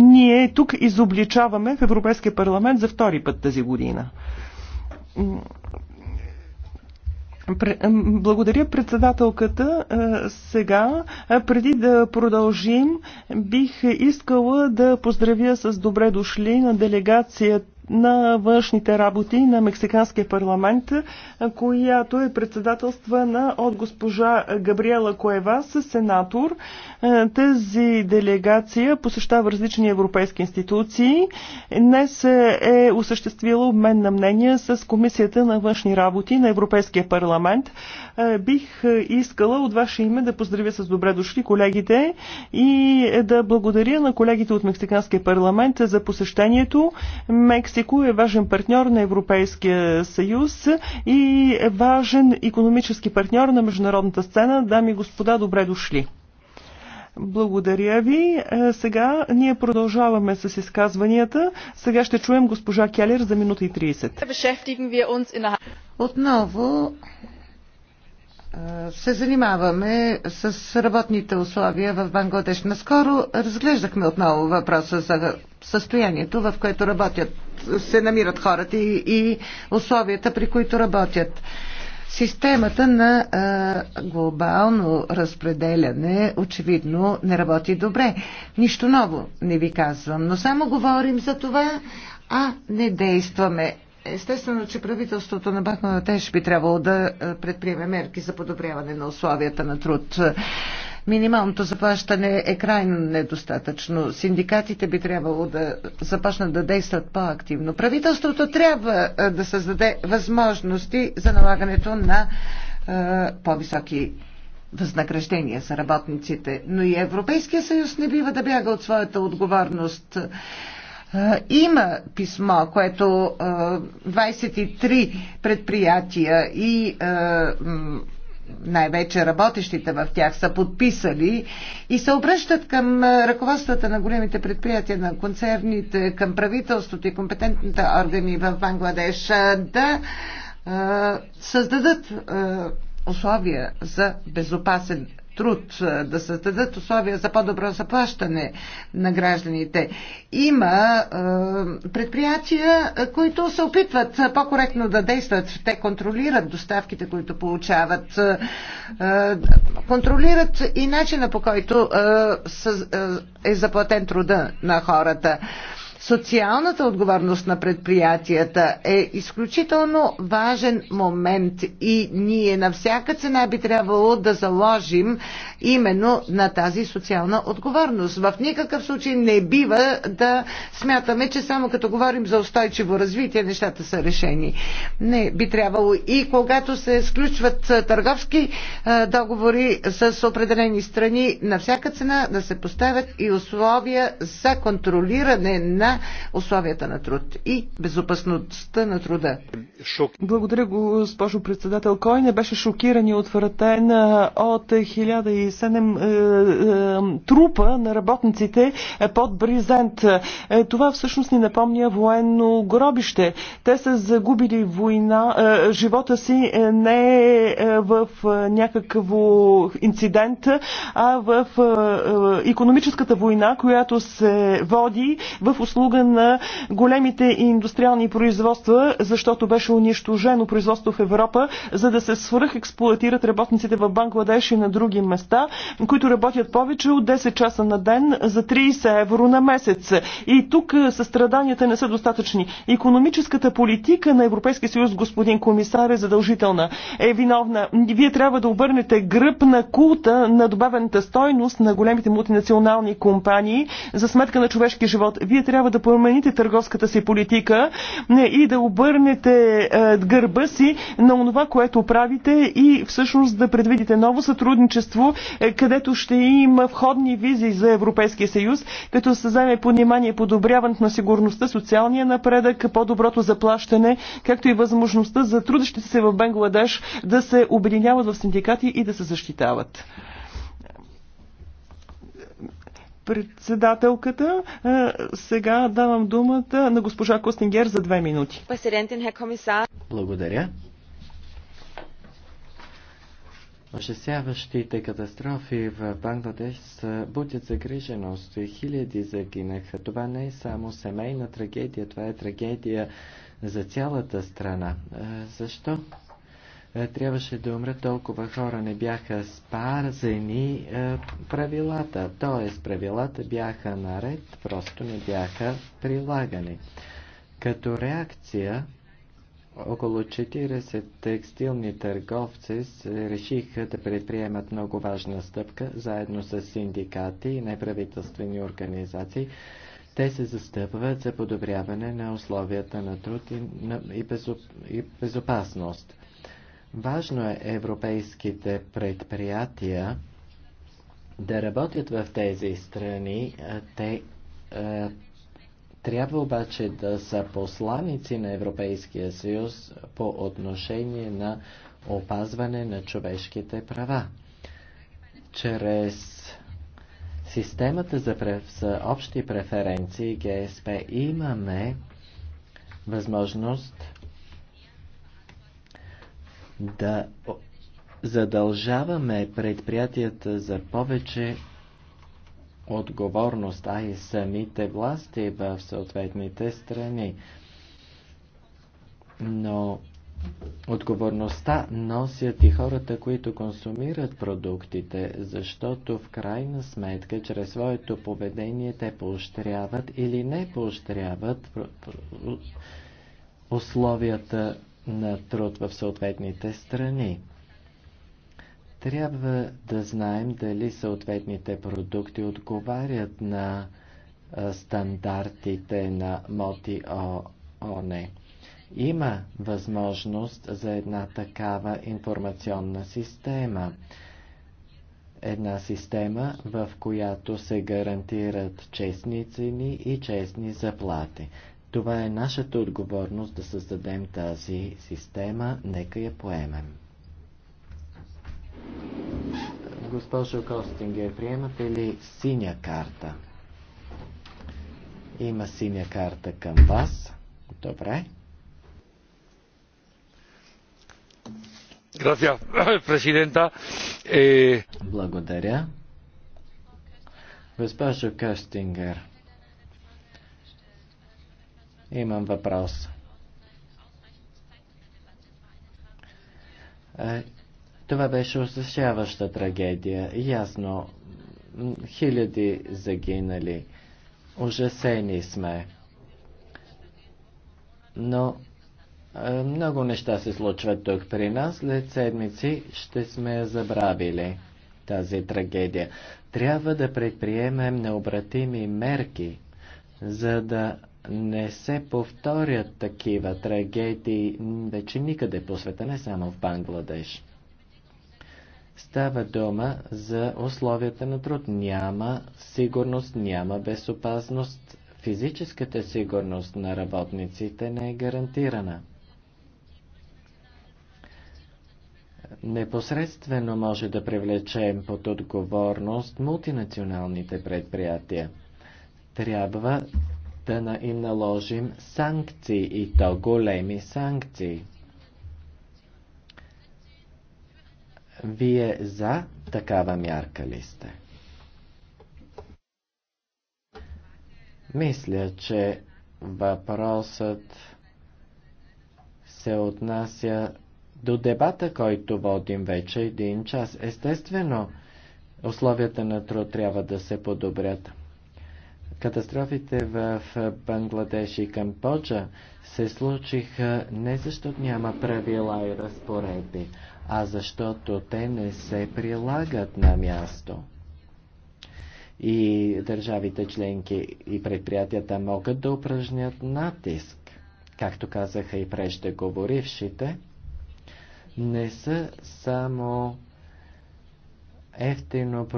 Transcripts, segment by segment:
ние тук изобличаваме в Европейския парламент за втори път тази година. Благодаря председателката. Е, сега, е, преди да продължим, бих искала да поздравя с добре дошли на делегацията на външните работи на Мексиканския парламент, която е председателствана от госпожа Габриела Коевас, сенатор. Е, Тази делегация посещава различни европейски институции. Днес е, е осъществила обмен на мнения с Комисията на външни работи на Европейския парламент. Е, Бих искала от ваше име да поздравя с добре дошли колегите и да благодаря на колегите от Мексиканския парламент за посещението. Мексик Мексико е важен партньор на Европейския съюз и е важен економически партньор на международната сцена. Дами и господа, добре дошли! Благодаря ви. Е, сега ние продължаваме с изказванията. Сега ще чуем госпожа Келер за минута и 30. Отново е, се занимаваме с работните условия в Бангладеш. Наскоро разглеждахме отново въпроса за състоянието, в което работят, се намират хората и, и условията, при които работят. Системата на а, глобално разпределяне очевидно не работи добре. Нищо ново не ви казвам, но само говорим за това, а не действаме. Естествено, че правителството на Теш би трябвало да предприеме мерки за подобряване на условията на труд. Минималното заплащане е крайно недостатъчно. Синдикатите би трябвало да започнат да действат по-активно. Правителството трябва да създаде възможности за налагането на по-високи възнаграждения за работниците. Но и Европейския съюз не бива да бяга от своята отговорност. Има писмо, което 23 предприятия и най-вече работещите в тях са подписали и се обръщат към ръководствата на големите предприятия, на концерните, към правителството и компетентните органи в Бангладеш да създадат условия за безопасен труд, да създадат условия за по-добро заплащане на гражданите. Има е, предприятия, които се опитват по-коректно да действат. Те контролират доставките, които получават, е, контролират и начина по който е, е заплатен труда на хората. Социалната отговорност на предприятията е изключително важен момент и ние на всяка цена би трябвало да заложим именно на тази социална отговорност. В никакъв случай не бива да смятаме, че само като говорим за устойчиво развитие, нещата са решени. Не, би трябвало и когато се сключват търговски договори с определени страни, на всяка цена да се поставят и условия за контролиране на на условията на труд и безопасността на труда. Шок. Благодаря, госпожо председател. Кой не беше шокиран и отвратен от 1007 е, е, трупа на работниците под Бризент? Е, това всъщност ни напомня военно гробище. Те са загубили война, е, живота си е, не е в е, някакво инцидент, а в е, е, економическата война, която се води в основ заслуга на големите индустриални производства, защото беше унищожено производство в Европа, за да се експлуатират работниците в Бангладеш и на други места, които работят повече от 10 часа на ден за 30 евро на месец. И тук състраданията не са достатъчни. Економическата политика на Европейския съюз, господин комисар, е задължителна. Е виновна. Вие трябва да обърнете гръб на култа на добавената стойност на големите мултинационални компании за сметка на човешки живот. Вие трябва трябва да промените търговската си политика и да обърнете е, гърба си на онова, което правите и всъщност да предвидите ново сътрудничество, е, където ще има входни визи за Европейския съюз, като се вземе по внимание подобряването на сигурността, социалния напредък, по-доброто заплащане, както и възможността за трудещите се в Бенгладеш да се обединяват в синдикати и да се защитават председателката. Сега давам думата на госпожа Костингер за две минути. Благодаря. Ужасяващите катастрофи в Бангладеш са будят загриженост и хиляди загинаха. Това не е само семейна трагедия, това е трагедия за цялата страна. Защо е, трябваше да умрат толкова хора. Не бяха спарзени е, правилата. Тоест, правилата бяха наред, просто не бяха прилагани. Като реакция, около 40 текстилни търговци решиха да предприемат много важна стъпка, заедно с синдикати и неправителствени организации. Те се застъпват за подобряване на условията на труд и, на, и, безоп, и безопасност. Важно е европейските предприятия да работят в тези страни. Те е, трябва обаче да са посланици на Европейския съюз по отношение на опазване на човешките права. Чрез системата за, за общи преференции ГСП имаме възможност да задължаваме предприятията за повече отговорност, а и самите власти в съответните страни. Но отговорността носят и хората, които консумират продуктите, защото в крайна сметка, чрез своето поведение, те поощряват или не поощряват условията на труд в съответните страни. Трябва да знаем дали съответните продукти отговарят на стандартите на МОТИ ОНЕ. Има възможност за една такава информационна система. Една система, в която се гарантират честни цени и честни заплати. Това е нашата отговорност да създадем тази система. Нека я поемем. Госпожо Костингер, приемате ли синя карта? Има синя карта към вас. Добре. Е, Благодаря. Госпожо Костингер, Имам въпрос. Е, това беше осъщаваща трагедия. Ясно, хиляди загинали. Ужасени сме. Но е, много неща се случват тук при нас. След седмици ще сме забравили тази трагедия. Трябва да предприемем необратими мерки, за да не се повторят такива трагедии вече никъде по света, не само в Бангладеш. Става дума за условията на труд. Няма сигурност, няма безопасност. Физическата сигурност на работниците не е гарантирана. Непосредствено може да привлечем под отговорност мултинационалните предприятия. Трябва да им наложим санкции и то големи санкции. Вие за такава мярка ли сте? Мисля, че въпросът се отнася до дебата, който водим вече един час. Естествено, условията на труд трябва да се подобрят. Катастрофите в Бангладеш и Камбоджа се случиха не защото няма правила и разпоредби, а защото те не се прилагат на място. И държавите членки и предприятията могат да упражнят натиск. Както казаха и преждеговорившите, не са само ефтино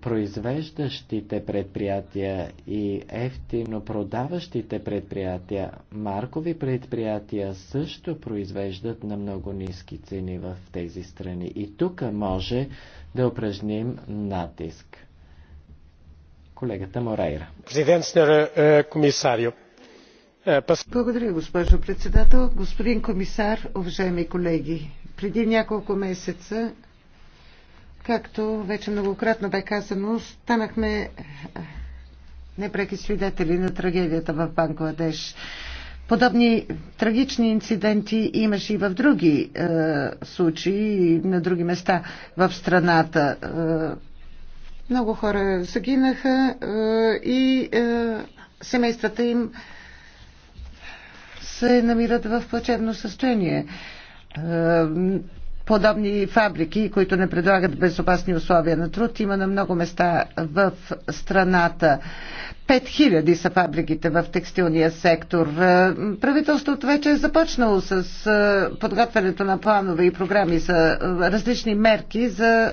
произвеждащите предприятия и ефтино продаващите предприятия, маркови предприятия също произвеждат на много ниски цени в тези страни. И тук може да упражним натиск. Колегата Морейра. Е, е, е, Благодаря, госпожо председател. Господин комисар, уважаеми колеги, преди няколко месеца Както вече многократно бе казано, станахме е, непреки свидетели на трагедията в Бангладеш. Подобни трагични инциденти имаше и в други е, случаи и на други места в страната. Е, много хора загинаха е, и е, семействата им се намират в плачевно състояние. Е, подобни фабрики, които не предлагат безопасни условия на труд. Има на много места в страната. 5000 са фабриките в текстилния сектор. Е, правителството вече е започнало с е, подготвянето на планове и програми за е, различни мерки за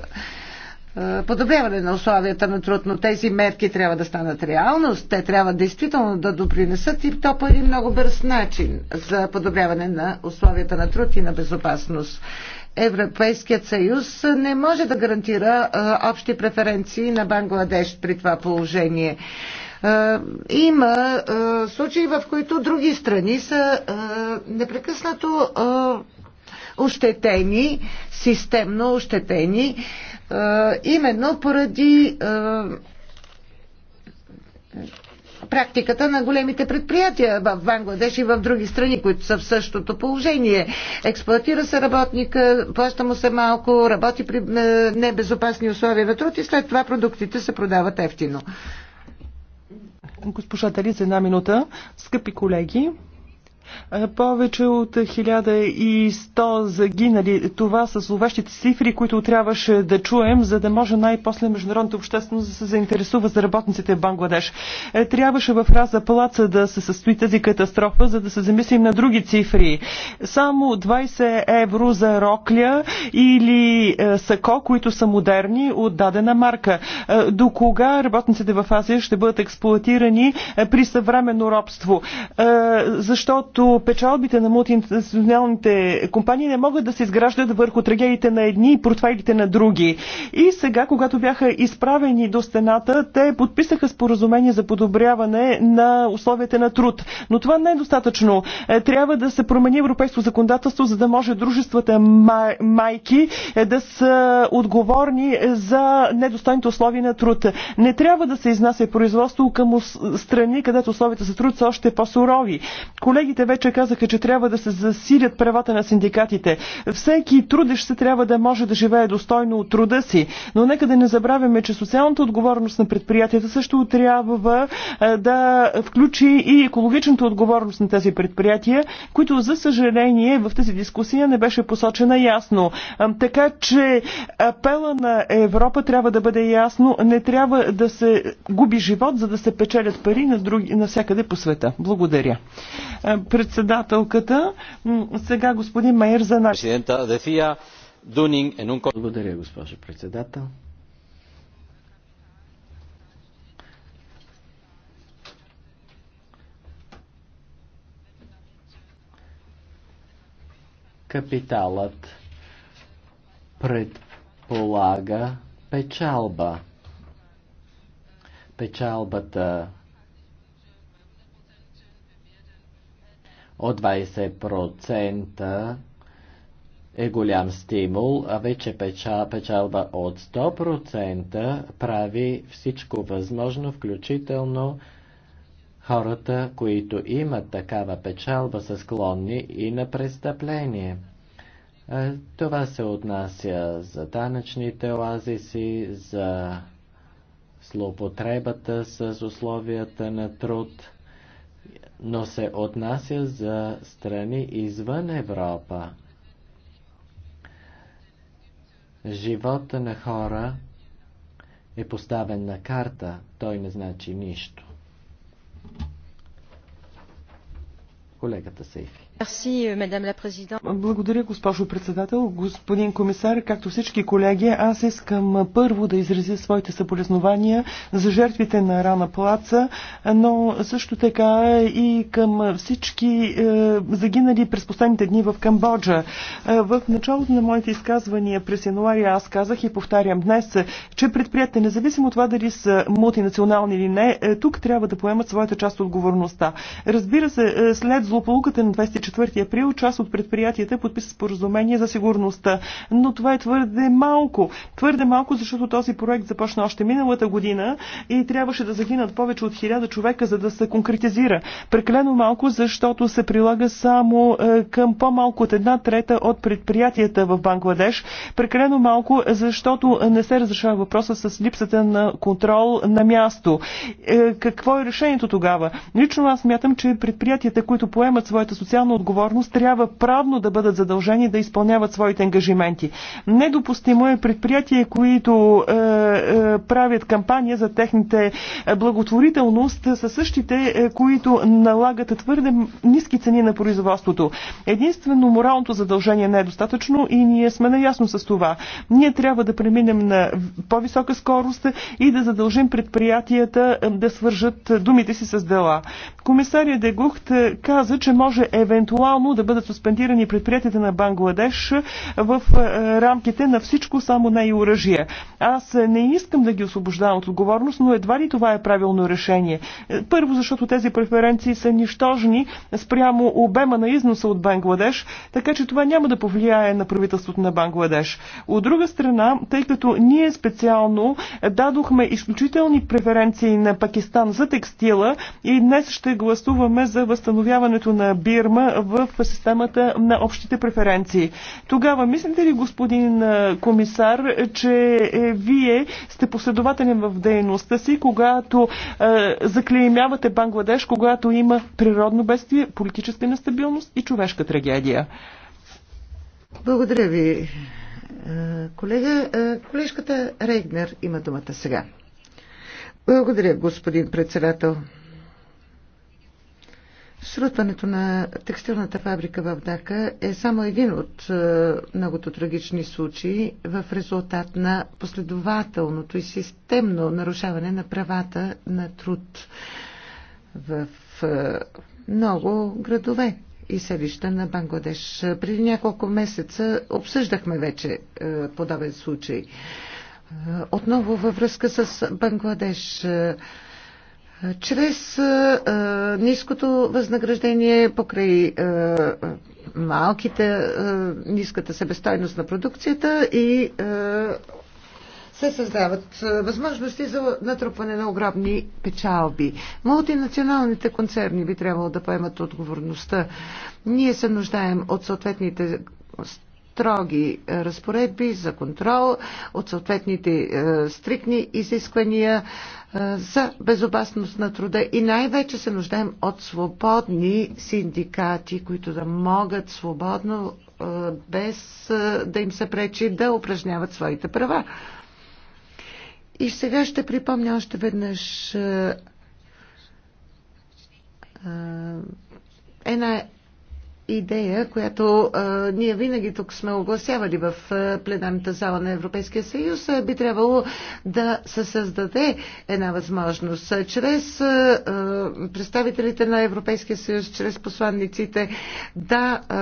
подобряване на условията на труд, но тези мерки трябва да станат реалност. Те трябва действително да допринесат и то по един много бърз начин за подобряване на условията на труд и на безопасност. Европейският съюз не може да гарантира общи преференции на Бангладеш при това положение. Има случаи, в които други страни са непрекъснато ощетени, системно ощетени, именно поради практиката на големите предприятия в Бангладеш и в други страни, които са в същото положение. Експлуатира се работника, плаща му се малко, работи при е, небезопасни условия на труд и след това продуктите се продават ефтино. Госпожа Дали за една минута. Скъпи колеги, е, повече от 1100 загинали. Това са зловещите цифри, които трябваше да чуем, за да може най-после международната общественост да се заинтересува за работниците в Бангладеш. Е, трябваше в Раза Палаца да се състои тази катастрофа, за да се замислим на други цифри. Само 20 евро за рокля или е, сако, които са модерни от дадена марка. До кога работниците в Азия ще бъдат експлуатирани при съвременно робство? Защото като печалбите на мултинационалните компании не могат да се изграждат върху трагедиите на едни и портфелите на други. И сега, когато бяха изправени до стената, те подписаха споразумение за подобряване на условията на труд. Но това не е достатъчно. Е, трябва да се промени европейско законодателство, за да може дружествата май, майки е, да са отговорни за недостойните условия на труд. Не трябва да се изнася производство към страни, където условията за труд са още по-сурови. Колегите вече казаха, че трябва да се засилят правата на синдикатите. Всеки трудещ се трябва да може да живее достойно от труда си. Но нека да не забравяме, че социалната отговорност на предприятията също трябва да включи и екологичната отговорност на тези предприятия, които за съжаление в тази дискусия не беше посочена ясно. Така че апела на Европа трябва да бъде ясно. Не трябва да се губи живот, за да се печелят пари на, други, навсякъде по света. Благодаря председателката. Сега господин Майер за наш... Е Благодаря, госпожо председател. Капиталът предполага печалба. Печалбата от 20% е голям стимул, а вече печалба от 100% прави всичко възможно, включително хората, които имат такава печалба, са склонни и на престъпление. Това се отнася за данъчните оазиси, за злоупотребата с условията на труд – но се отнася за страни извън Европа. Живота на хора е поставен на карта, той не значи нищо. Колегата Сейфи. Благодаря, госпожо председател. Господин комисар, както всички колеги, аз искам първо да изразя своите съболезнования за жертвите на Рана Плаца, но също така и към всички е, загинали през последните дни в Камбоджа. Е, в началото на моите изказвания през януари аз казах и повтарям днес, че предприятите, независимо от това дали са мултинационални или не, е, тук трябва да поемат своята част от отговорността. Разбира се, след злополуката на 24 4 април част от предприятията подписа споразумение за сигурността. Но това е твърде малко. Твърде малко, защото този проект започна още миналата година и трябваше да загинат повече от 1000 човека, за да се конкретизира. Прекалено малко, защото се прилага само е, към по-малко от една трета от предприятията в Бангладеш. Прекалено малко, защото не се разрешава въпроса с липсата на контрол на място. Е, какво е решението тогава? Лично аз мятам, че предприятията, които поемат своята социална отговорност трябва правно да бъдат задължени да изпълняват своите ангажименти. Недопустимо е предприятия, които е, е, правят кампания за техните е, благотворителност, са същите, е, които налагат твърде ниски цени на производството. Единствено моралното задължение не е достатъчно и ние сме наясно с това. Ние трябва да преминем на по-висока скорост и да задължим предприятията е, да свържат е, думите си с дела. Комисария Дегухт каза, че може евентуално евентуално да бъдат суспендирани предприятията на Бангладеш в е, рамките на всичко, само не и оръжие. Аз не искам да ги освобождавам от отговорност, но едва ли това е правилно решение. Е, първо, защото тези преференции са нищожни спрямо обема на износа от Бангладеш, така че това няма да повлияе на правителството на Бангладеш. От друга страна, тъй като ние специално дадохме изключителни преференции на Пакистан за текстила и днес ще гласуваме за възстановяването на Бирма в системата на общите преференции. Тогава, мислите ли, господин комисар, че е, вие сте последователен в дейността си, когато е, заклеймявате Бангладеш, когато има природно бедствие, политическа нестабилност и човешка трагедия? Благодаря ви, колега. Колежката Рейгнер има думата сега. Благодаря, господин председател. Срутването на текстилната фабрика в Дака е само един от е, многото трагични случаи в резултат на последователното и системно нарушаване на правата на труд в е, много градове и селища на Бангладеш. Преди няколко месеца обсъждахме вече е, подобен случай. Отново във връзка с Бангладеш чрез а, ниското възнаграждение покрай а, малките, а, ниската себестойност на продукцията и а, се създават възможности за натрупване на огромни печалби. Мултинационалните концерни би трябвало да поемат отговорността. Ние се нуждаем от съответните строги е, разпоредби за контрол от съответните е, стрикни изисквания е, за безопасност на труда и най-вече се нуждаем от свободни синдикати, които да могат свободно, без да им се пречи, да упражняват своите права. И сега ще припомня още веднъж една идея, която а, ние винаги тук сме огласявали в а, пленарната зала на Европейския съюз, а, би трябвало да се създаде една възможност а, чрез а, представителите на Европейския съюз, чрез посланниците да а,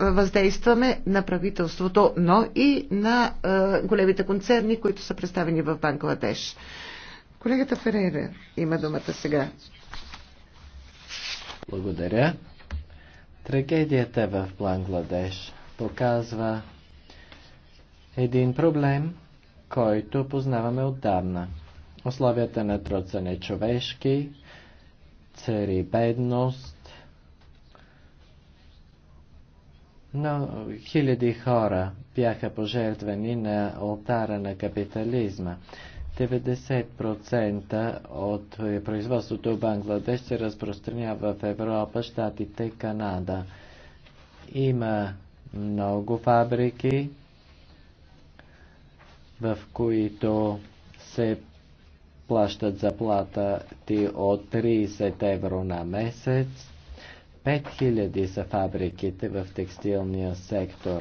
въздействаме на правителството, но и на а, големите концерни, които са представени в Бангладеш. Колегата Ферейре има думата сега. Благодаря. Трагедията в Бангладеш показва един проблем, който познаваме отдавна. Условията на труд са нечовешки, цари бедност, но хиляди хора бяха пожертвани на алтара на капитализма. 90% от е, производството в Бангладеш се разпространява в Европа, Штатите, Канада. Има много фабрики, в които се плащат заплата ти от 30 евро на месец. 5000 са фабриките в текстилния сектор.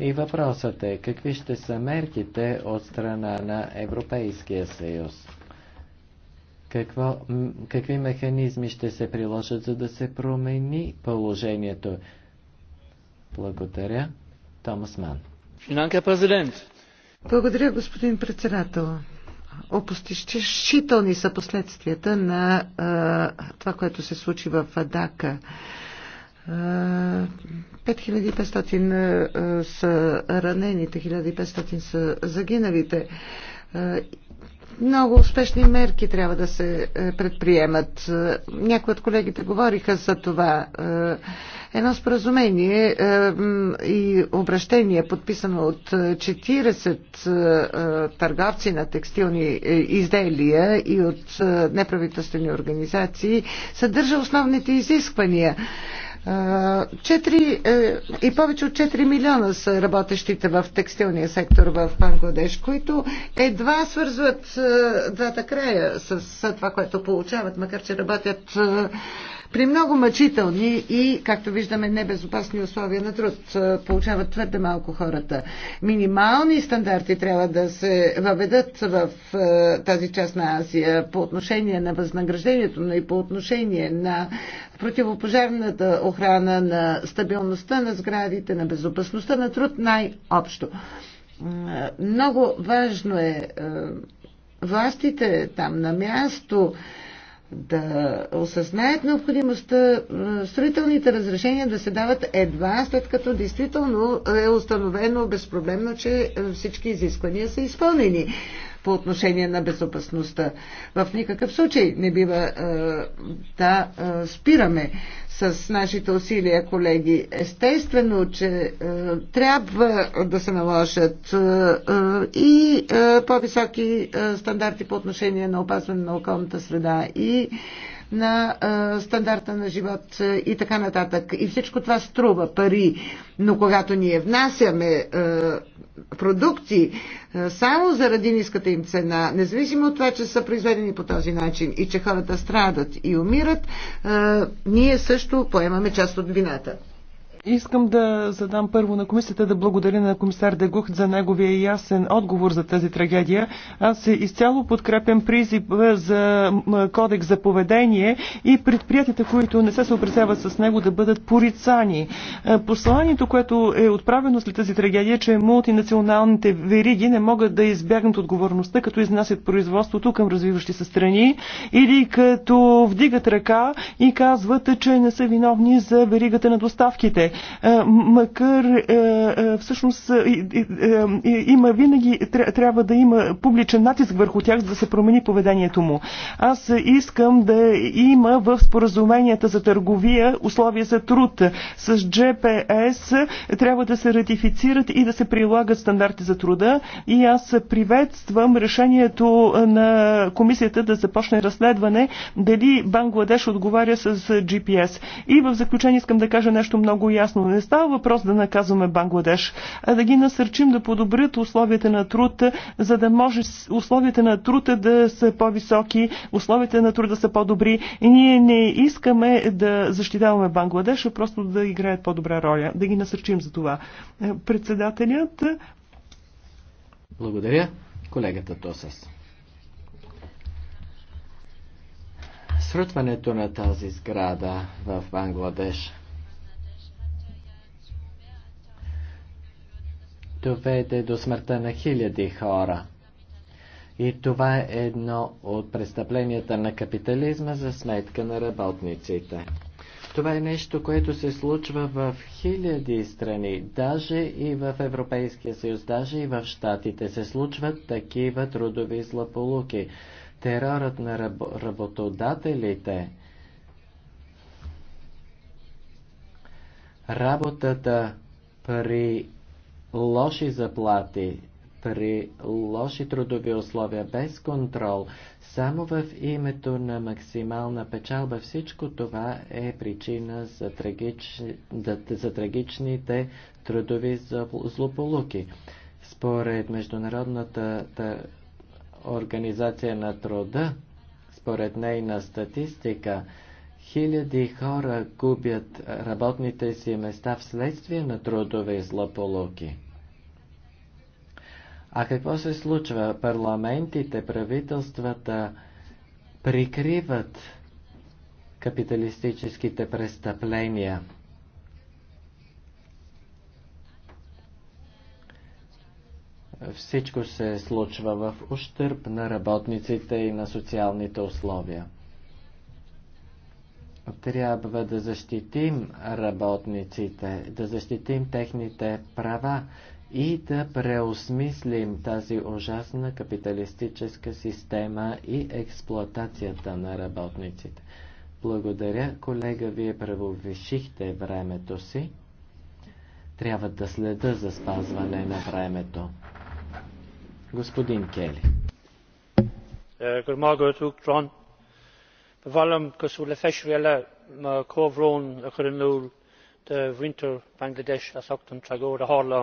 И въпросът е, какви ще са мерките от страна на Европейския съюз? Какво, какви механизми ще се приложат, за да се промени положението? Благодаря. Томас Ман. Благодаря, господин председател. Опустищителни са последствията на а, това, което се случи в Адака. 5500 са ранените, 1500 са загиналите. Много успешни мерки трябва да се предприемат. Някои от колегите говориха за това. Едно споразумение и обращение, подписано от 40 търговци на текстилни изделия и от неправителствени организации, съдържа основните изисквания 4, е, и повече от 4 милиона са работещите в текстилния сектор в Бангладеш, които едва свързват е, двата края с това, което получават, макар че работят е, при много мъчителни и, както виждаме, небезопасни условия на труд получават твърде малко хората. Минимални стандарти трябва да се въведат в тази част на Азия по отношение на възнаграждението, но и по отношение на противопожарната охрана, на стабилността на сградите, на безопасността на труд най-общо. Много важно е властите там на място да осъзнаят необходимостта е, строителните разрешения да се дават едва след като действително е установено безпроблемно, че е, всички изисквания са изпълнени по отношение на безопасността. В никакъв случай не бива е, да е, спираме с нашите усилия, колеги. Естествено, че е, трябва да се наложат и по-високи стандарти по отношение на опазване на околната среда и на а, стандарта на живот и така нататък. И всичко това струва пари. Но когато ние внасяме а, продукти а, само заради ниската им цена, независимо от това, че са произведени по този начин и че хората страдат и умират, а, ние също поемаме част от вината. Искам да задам първо на комисията да благодаря на комисар Дегух за неговия ясен отговор за тази трагедия. Аз изцяло подкрепям призив за кодекс за поведение и предприятията, които не се съобразяват с него, да бъдат порицани. Е, посланието, което е отправено след тази трагедия, че мултинационалните вериги не могат да избягнат отговорността, като изнасят производството към развиващи се страни или като вдигат ръка и казват, че не са виновни за веригата на доставките. Е, макар е, е, всъщност има винаги, трябва да има публичен натиск върху тях, за да се промени поведението му. Аз искам да има в споразуменията за търговия условия за труд с GPS, трябва да се ратифицират и да се прилагат стандарти за труда и аз приветствам решението на комисията да започне разследване дали Бангладеш отговаря с GPS. И в заключение искам да кажа нещо много ясно ясно. Не става въпрос да наказваме Бангладеш, а да ги насърчим да подобрят условията на труд, за да може условията на труд да са по-високи, условията на труда са по-добри. Ние не искаме да защитаваме Бангладеш, а просто да играят по-добра роля, да ги насърчим за това. Председателят. Благодаря. Колегата Тосас. Срутването на тази сграда в Бангладеш доведе до смъртта на хиляди хора. И това е едно от престъпленията на капитализма за сметка на работниците. Това е нещо, което се случва в хиляди страни, даже и в Европейския съюз, даже и в Штатите се случват такива трудови злополуки. Терорът на раб работодателите, работата при лоши заплати, при лоши трудови условия, без контрол, само в името на максимална печалба, всичко това е причина за, трагич... за трагичните трудови злополуки. Според Международната организация на труда, според нейна статистика, Хиляди хора губят работните си места вследствие на трудове и злополуки. А какво се случва? Парламентите, правителствата прикриват капиталистическите престъпления. Всичко се случва в ущърп на работниците и на социалните условия трябва да защитим работниците, да защитим техните права и да преосмислим тази ужасна капиталистическа система и експлоатацията на работниците. Благодаря, колега, вие превовишихте времето си. Трябва да следа за спазване на времето. Господин Кели. Good е, morning, bhfuil go súil le feisir eile mar chomh-ról a chur in iúl de mhuintir bangladesh a thugtaí tagóir a tharla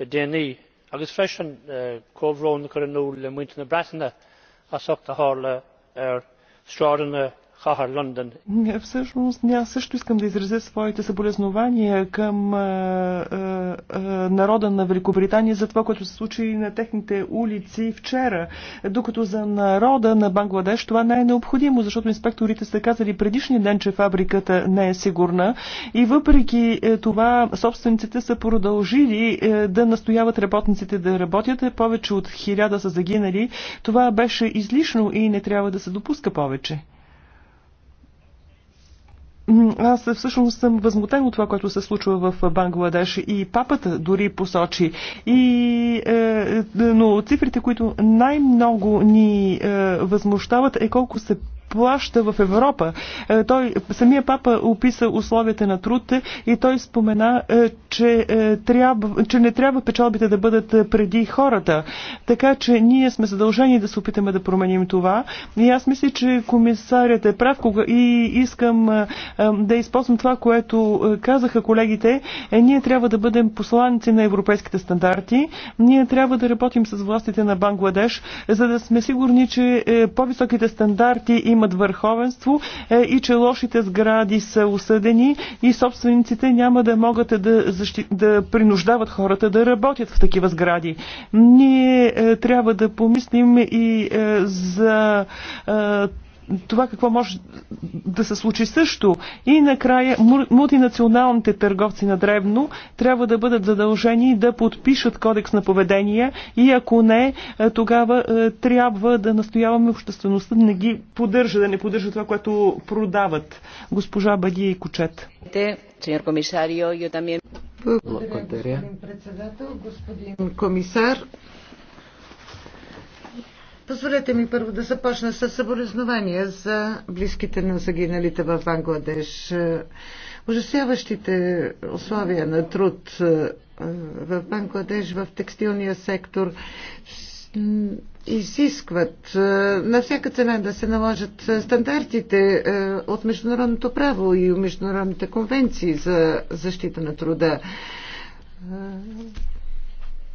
le déanaí agus freisin chomh-ról a chur in iúl le muintir na breataine a sócht a ar stradanna Всъщност, аз също искам да изразя своите съболезнования към народа на Великобритания за това, което се случи на техните улици вчера. Докато за народа на Бангладеш това не е необходимо, защото инспекторите са казали предишния ден, че фабриката не е сигурна и въпреки е, това собствениците са продължили е, да настояват работниците да работят. Повече от хиляда са загинали. Това беше излишно и не трябва да се допуска повече. Аз всъщност съм възмутен от това, което се случва в Бангладеш и папата дори посочи. И, е, е но цифрите, които най-много ни е, възмущават е колко се плаща в Европа. Е, той, самия папа описа условията на труд и той спомена, е, че, е, трябва, че не трябва печалбите да бъдат преди хората. Така че ние сме задължени да се опитаме да променим това. И аз мисля, че комисарят е прав кога... и искам да използвам това, което казаха колегите. Ние трябва да бъдем посланици на европейските стандарти. Ние трябва да работим с властите на Бангладеш, за да сме сигурни, че по-високите стандарти има имат върховенство е, и че лошите сгради са осъдени и собствениците няма да могат да, защи... да принуждават хората да работят в такива сгради. Ние е, трябва да помислим и е, за това какво може да се случи също. И накрая мултинационалните търговци на древно трябва да бъдат задължени да подпишат кодекс на поведение и ако не, е, тогава е, трябва да настояваме обществеността да не ги поддържа, да не поддържа това, което продават. Госпожа Бадия и Кочет. Благодаря, господин председател, господин комисар. Позволете ми първо да започна с съболезнования за близките на загиналите в Бангладеш. Ужасяващите условия на труд е, в Бангладеш, в текстилния сектор изискват е, на всяка цена да се наложат стандартите е, от международното право и международните конвенции за защита на труда.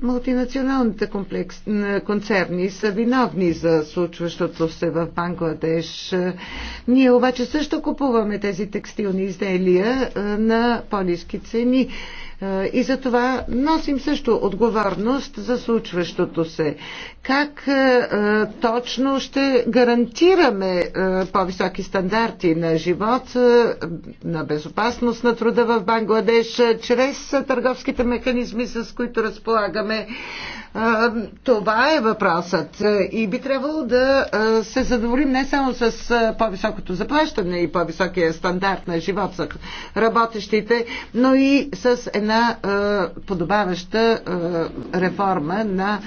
Мултинационалните комплекс, концерни са виновни за случващото се в Бангладеш. Ние обаче също купуваме тези текстилни изделия на по-низки цени. Е, и за това носим също отговорност за случващото се. Как е, е, точно ще гарантираме по-високи стандарти на живот, на безопасност на труда в Бангладеш, чрез търговските механизми, с които разполагаме? Това е въпросът. И би трябвало да се задоволим не само с по-високото заплащане и по-високия стандарт на живот за работещите, но и с една една е, подобаваща е, реформа на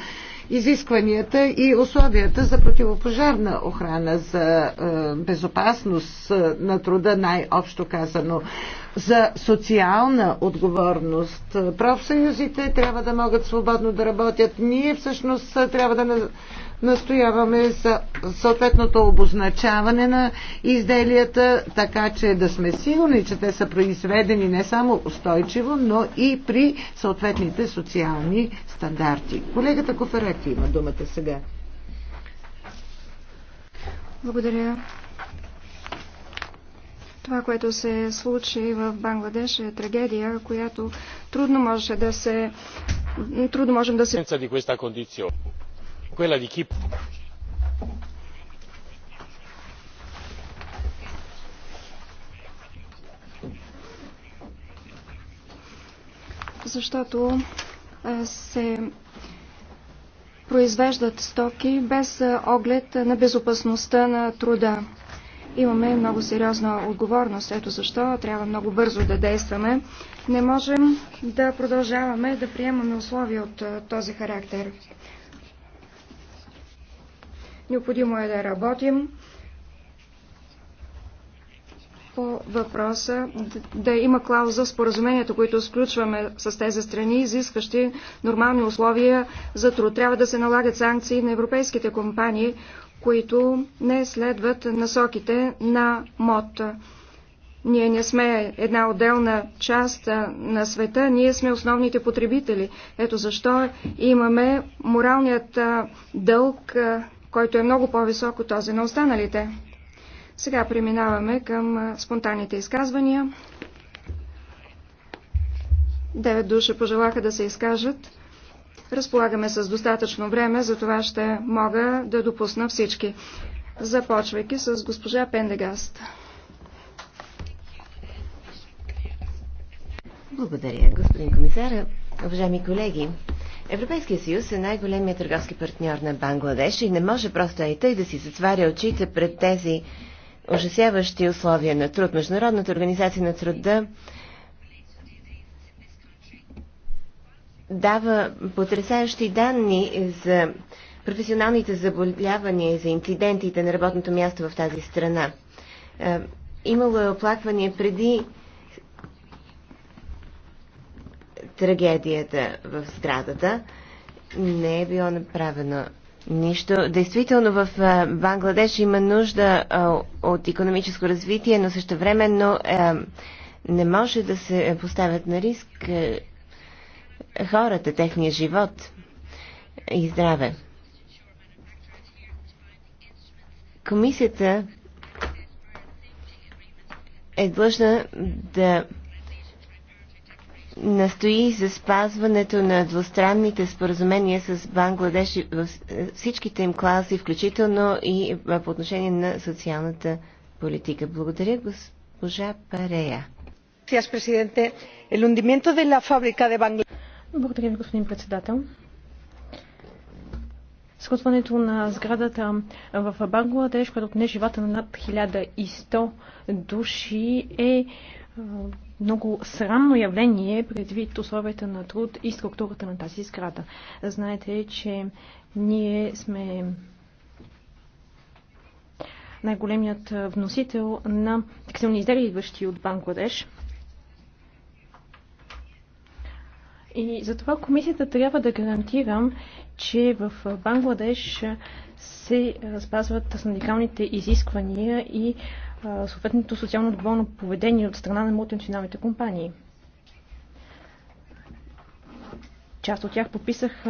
изискванията и условията за противопожарна охрана, за е, безопасност на труда, най-общо казано, за социална отговорност. Профсъюзите трябва да могат свободно да работят. Ние всъщност трябва да настояваме за съответното обозначаване на изделията, така че да сме сигурни, че те са произведени не само устойчиво, но и при съответните социални стандарти. Колегата Коферек има думата сега. Благодаря. Това, което се случи в Бангладеш е трагедия, която трудно можеше да се трудно можем да се quella di chi защото е, се произвеждат стоки без е, оглед на безопасността на труда. Имаме много сериозна отговорност. Ето защо трябва много бързо да действаме. Не можем да продължаваме да приемаме условия от е, този характер. Необходимо е да работим по въпроса да има клауза споразумението, които сключваме с тези страни, изискващи нормални условия за труд. Трябва да се налагат санкции на европейските компании, които не следват насоките на МОД. Ние не сме една отделна част на света, ние сме основните потребители. Ето защо имаме моралният дълг който е много по-висок от този на останалите. Сега преминаваме към спонтанните изказвания. Девет души пожелаха да се изкажат. Разполагаме с достатъчно време, за това ще мога да допусна всички. Започвайки с госпожа Пендегаст. Благодаря, господин комисар. Уважаеми колеги, Европейския съюз е най-големият търговски партньор на Бангладеш и не може просто и тъй да си затваря очите пред тези ужасяващи условия на труд. Международната организация на труда дава потрясаващи данни за професионалните заболявания и за инцидентите на работното място в тази страна. Е, имало е оплаквания преди трагедията в сградата. Не е било направено Нищо. Действително в Бангладеш има нужда от економическо развитие, но също времено не може да се поставят на риск хората, техния живот и здраве. Комисията е длъжна да настои за спазването на двустранните споразумения с Бангладеш в е, всичките им класи, включително и е, по отношение на социалната политика. Благодаря, госпожа Парея. Благодаря ви, господин председател. Скотването на сградата в Бангладеш, която отне живота на над 1100 души, е много срамно явление предвид условията на труд и структурата на тази сграда. Знаете, че ние сме най-големият вносител на текстилни изделия, идващи от Бангладеш. И затова комисията трябва да гарантирам, че в Бангладеш се спазват синдикалните изисквания и съответното социално отговорно поведение от страна на мултинационалните компании. Част от тях подписах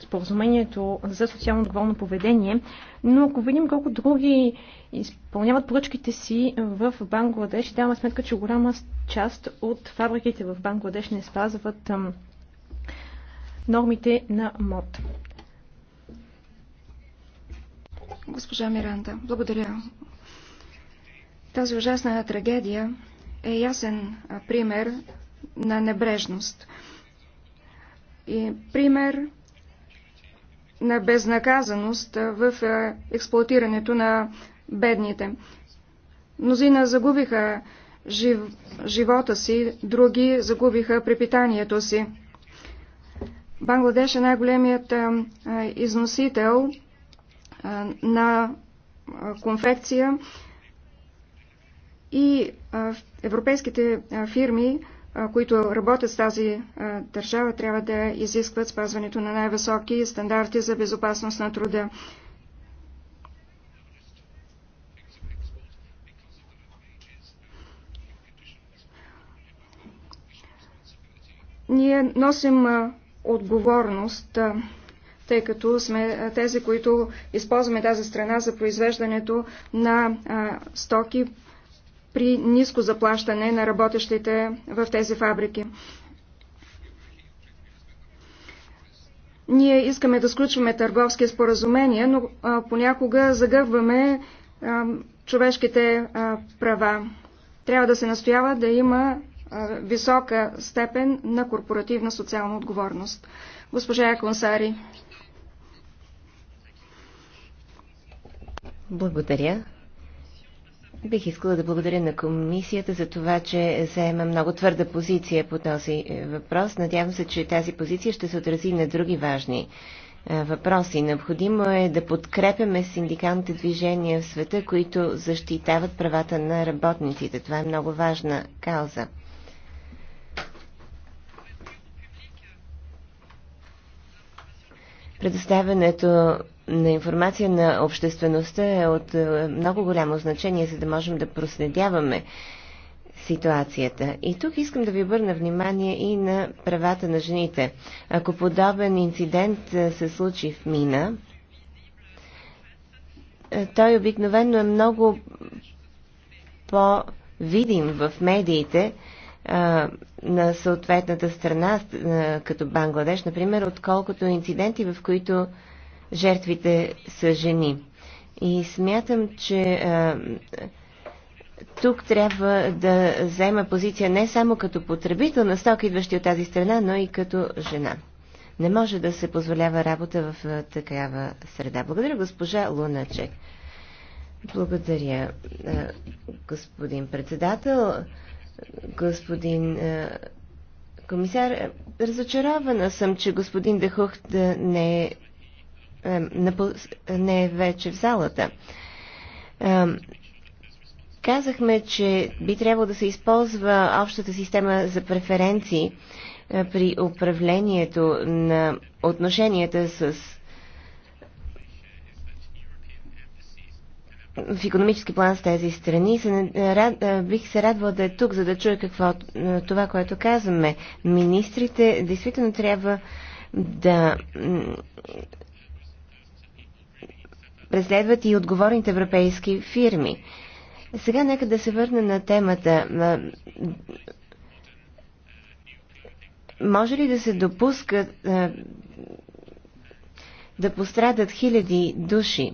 споразумението за социално отговорно поведение, но ако видим колко други изпълняват поръчките си в Бангладеш, даваме сметка, че голяма част от фабриките в Бангладеш не спазват нормите на МОД. Госпожа Миранда, благодаря. Тази ужасна трагедия е ясен пример на небрежност. И пример на безнаказаност в експлуатирането на бедните. Мнозина загубиха жив... живота си, други загубиха препитанието си. Бангладеш е най-големият износител на конфекция и европейските фирми, които работят с тази държава, трябва да изискват спазването на най-високи стандарти за безопасност на труда. Ние носим отговорност, тъй като сме тези, които използваме тази страна за произвеждането на стоки при ниско заплащане на работещите в тези фабрики. Ние искаме да сключваме търговски споразумения, но а, понякога загъваме а, човешките а, права. Трябва да се настоява да има а, висока степен на корпоративна социална отговорност. Госпожа Яконсари. Благодаря. Бих искала да благодаря на комисията за това, че заема много твърда позиция по този е, въпрос. Надявам се, че тази позиция ще се отрази на други важни е, въпроси. Необходимо е да подкрепяме синдикалните движения в света, които защитават правата на работниците. Това е много важна кауза. Предоставянето на информация на обществеността е от е, много голямо значение, за да можем да проследяваме ситуацията. И тук искам да ви обърна внимание и на правата на жените. Ако подобен инцидент е, се случи в Мина, е, той обикновено е много по-видим в медиите на съответната страна, като Бангладеш, например, отколкото инциденти, в които жертвите са жени. И смятам, че а, тук трябва да заема позиция не само като потребител на стоки, идващи от тази страна, но и като жена. Не може да се позволява работа в такава среда. Благодаря, госпожа Луначек. Благодаря, господин председател, господин комисар. Разочарована съм, че господин Дехухт не е е, не е вече в залата. Е, казахме, че би трябвало да се използва общата система за преференции е, при управлението на отношенията с в економически план с тези страни. бих се радвала да е тук, за да чуя какво това, което казваме. Министрите действително трябва да преследват и отговорните европейски фирми. Сега нека да се върна на темата. Може ли да се допуска да пострадат хиляди души,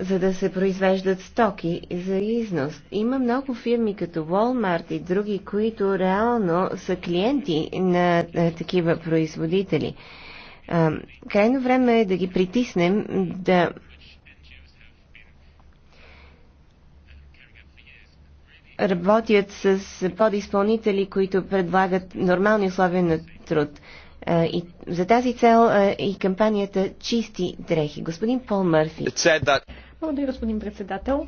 за да се произвеждат стоки за износ? Има много фирми като Walmart и други, които реално са клиенти на такива производители. Крайно време е да ги притиснем да работят с подизпълнители, които предлагат нормални условия на труд. И за тази цел и кампанията Чисти дрехи. Господин Пол Мърфи. Благодаря, господин председател.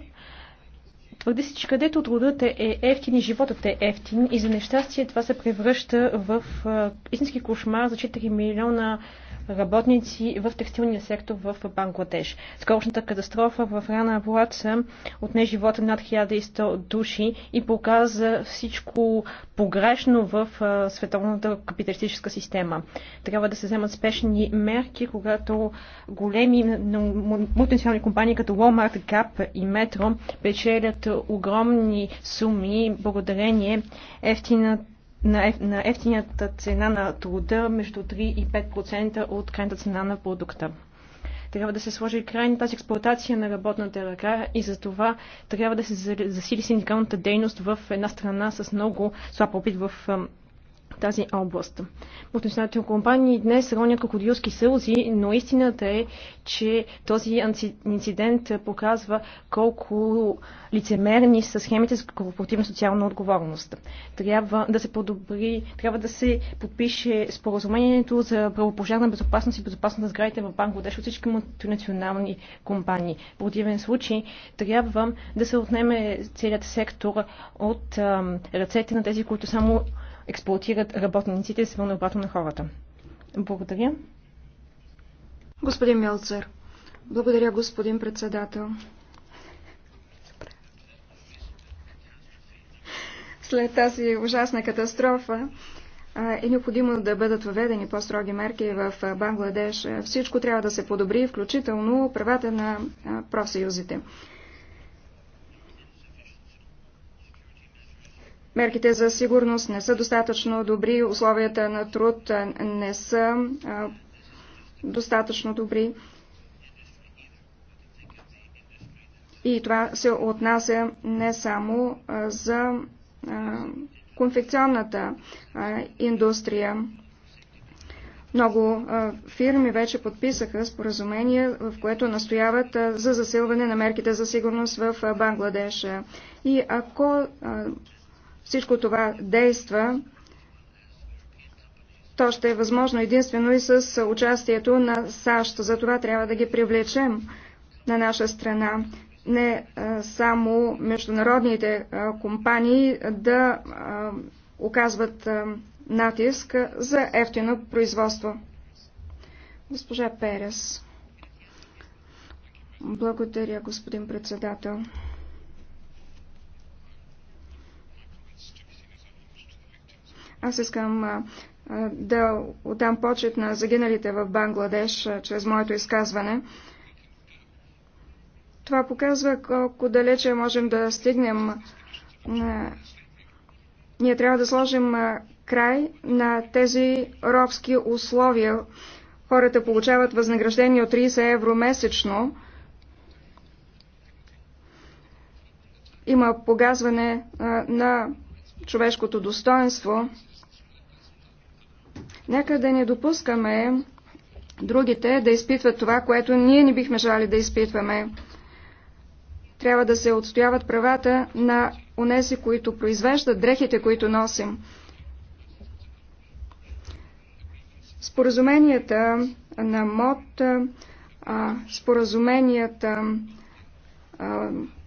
Твърди си, че където трудът е ефтин и животът е ефтин и за нещастие това се превръща в истински кошмар за 4 милиона работници в текстилния сектор в Бангладеш. Скорошната катастрофа в Рана Плаца отне живота над 1100 души и показа всичко погрешно в световната капиталистическа система. Трябва да се вземат спешни мерки, когато големи мултинационални компании като Walmart, Gap и Metro печелят огромни суми благодарение ефтината на, еф, на ефтинята цена на труда между 3 и 5% от крайната цена на продукта. Трябва да се сложи край на тази експлуатация на работната ръка и за това трябва да се засили синдикалната дейност в една страна с много слаб опит в тази област. националните компании днес ронят крокодилски сълзи, но истината е, че този инцидент показва колко лицемерни са схемите за корпоративна социална отговорност. Трябва да се подобри, трябва да се подпише споразумението за правопожарна безопасност и безопасност на сградите в Бангладеш от всички мултинационални компании. В противен случай трябва да се отнеме целият сектор от ръцете на тези, които само експлуатират работниците с вълнобрато на хората. Благодаря. Господин Мелцер. Благодаря, господин председател. След тази ужасна катастрофа е необходимо да бъдат въведени по-строги мерки в Бангладеш. Всичко трябва да се подобри, включително правата на профсъюзите. Мерките за сигурност не са достатъчно добри, условията на труд не са достатъчно добри. И това се отнася не само за конфекционната индустрия. Много фирми вече подписаха споразумение, в което настояват за засилване на мерките за сигурност в Бангладеш. И ако всичко това действа, то ще е възможно единствено и с участието на САЩ. Затова трябва да ги привлечем на наша страна. Не само международните компании да оказват натиск за ефтино производство. Госпожа Перес. Благодаря, господин председател. Аз искам да отдам почет на загиналите в Бангладеш чрез моето изказване. Това показва колко далече можем да стигнем. Ние трябва да сложим край на тези робски условия. Хората получават възнаграждение от 30 евро месечно. Има погазване на човешкото достоинство. Нека да не допускаме другите да изпитват това, което ние не бихме желали да изпитваме. Трябва да се отстояват правата на онези, които произвеждат дрехите, които носим. Споразуменията на МОД, споразуменията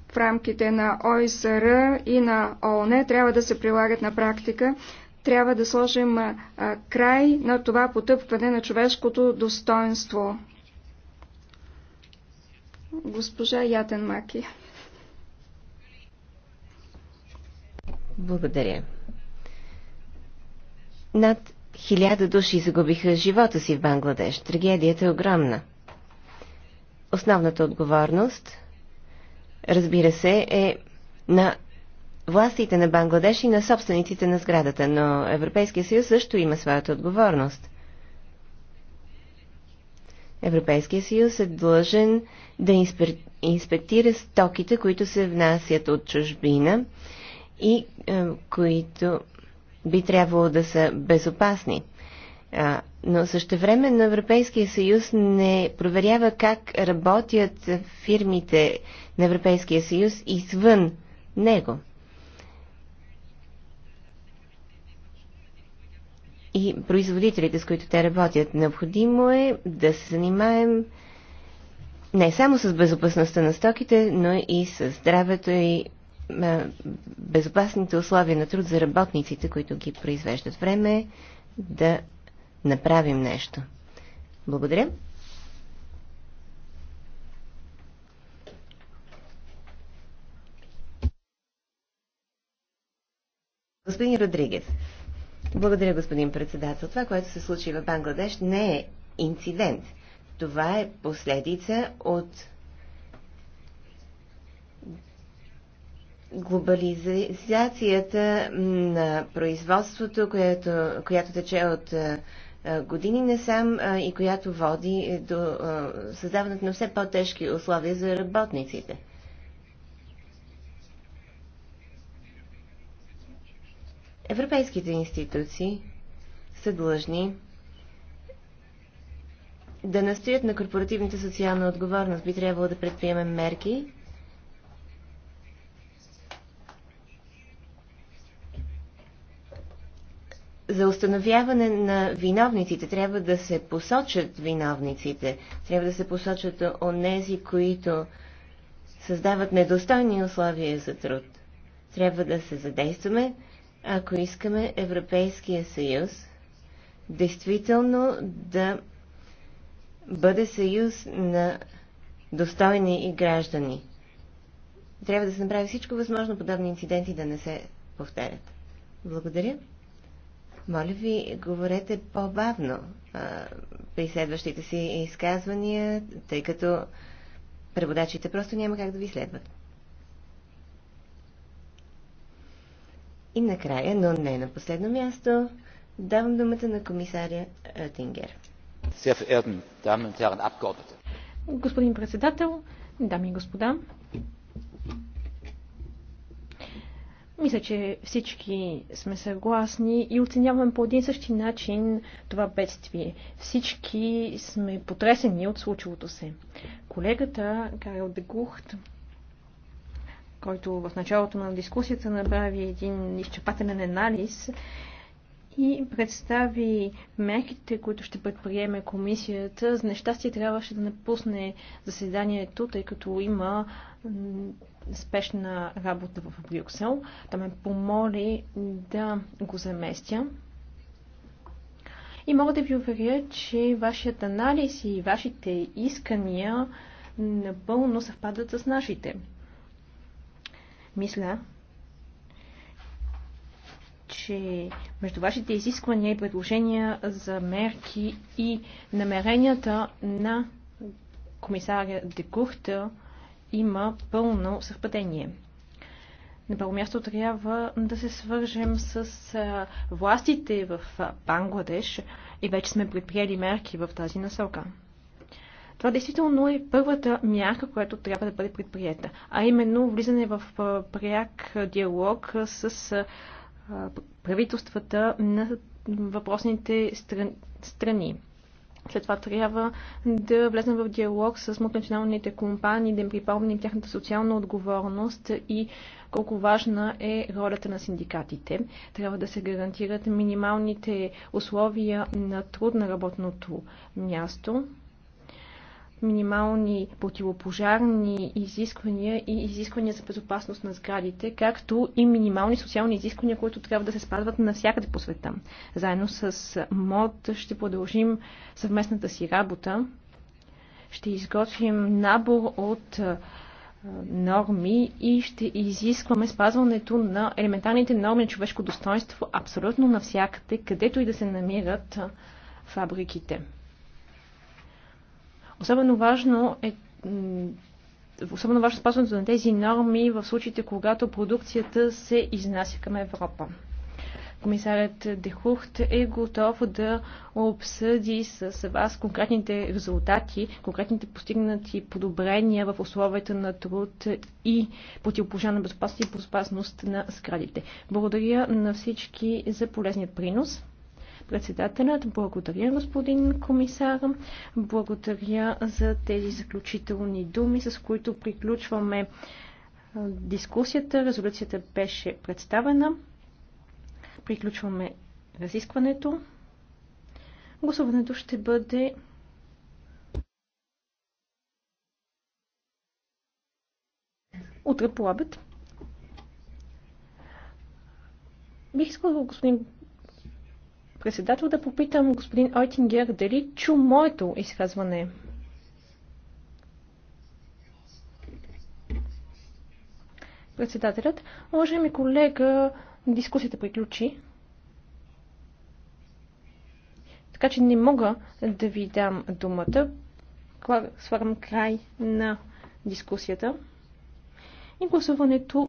в рамките на ОИСР и на ООН е трябва да се прилагат на практика трябва да сложим край на това потъпкване на човешкото достоинство. Госпожа Ятен Маки. Благодаря. Над хиляда души загубиха живота си в Бангладеш. Трагедията е огромна. Основната отговорност, разбира се, е на властите на Бангладеш и на собствениците на сградата, но Европейския съюз също има своята отговорност. Европейския съюз е длъжен да инспектира стоките, които се внасят от чужбина и е, които би трябвало да са безопасни. А, но на Европейския съюз не проверява как работят фирмите на Европейския съюз извън него. и производителите, с които те работят. Необходимо е да се занимаем не само с безопасността на стоките, но и с здравето и безопасните условия на труд за работниците, които ги произвеждат. Време е да направим нещо. Благодаря. Господин Родригес. Благодаря, господин председател. Това, което се случи в Бангладеш, не е инцидент. Това е последица от глобализацията на производството, което, която тече от години насам и която води до създаването на все по-тежки условия за работниците. Европейските институции са длъжни да настоят на корпоративната социална отговорност. Би трябвало да предприемем мерки, за установяване на виновниците трябва да се посочат виновниците, трябва да се посочат онези, които създават недостойни условия за труд. Трябва да се задействаме, ако искаме Европейския съюз действително да бъде съюз на достойни и граждани. Трябва да се направи всичко възможно подобни инциденти да не се повтарят. Благодаря. Моля ви, говорете по-бавно при следващите си изказвания, тъй като преводачите просто няма как да ви следват. И накрая, но не на последно място, давам думата на комисаря Ротингер. Господин председател, дами и господа, мисля, че всички сме съгласни и оценяваме по един същи начин това бедствие. Всички сме потресени от случилото се. Колегата Карел Дегухт който в началото на дискусията направи един изчерпателен анализ и представи мерките, които ще предприеме комисията. За нещастие трябваше да напусне заседанието, тъй като има спешна работа в Брюксел. Та ме помоли да го заместя. И мога да ви уверя, че вашият анализ и вашите искания напълно съвпадат с нашите. Мисля, че между вашите изисквания и предложения за мерки и намеренията на комисаря Декурта има пълно съвпадение. На първо място трябва да се свържем с властите в Бангладеш и вече сме предприели мерки в тази насока. Това действително е първата мярка, която трябва да бъде предприета, а именно влизане в пряк диалог с правителствата на въпросните страни. След това трябва да влезем в диалог с мултинационалните компании, да им припомним тяхната социална отговорност и колко важна е ролята на синдикатите. Трябва да се гарантират минималните условия на труд на работното място минимални противопожарни изисквания и изисквания за безопасност на сградите, както и минимални социални изисквания, които трябва да се спазват навсякъде по света. Заедно с МОД ще продължим съвместната си работа. Ще изготвим набор от норми и ще изискваме спазването на елементарните норми на човешко достоинство абсолютно навсякъде, където и да се намират фабриките. Особено важно е особено важно е спазването на тези норми в случаите, когато продукцията се изнася към Европа. Комисарят Дехухт е готов да обсъди с вас конкретните резултати, конкретните постигнати подобрения в условията на труд и противопожарна безопасност и безопасност на сградите. Благодаря на всички за полезният принос. Председателят, благодаря господин комисар, благодаря за тези заключителни думи, с които приключваме дискусията. Резолюцията беше представена. Приключваме разискването. Гласуването ще бъде утре по обед. Бих искала, господин председател, да попитам господин Ойтингер дали чу моето изказване. Председателят, уважаеми колега, дискусията приключи. Така че не мога да ви дам думата. Слагам край на дискусията. И гласуването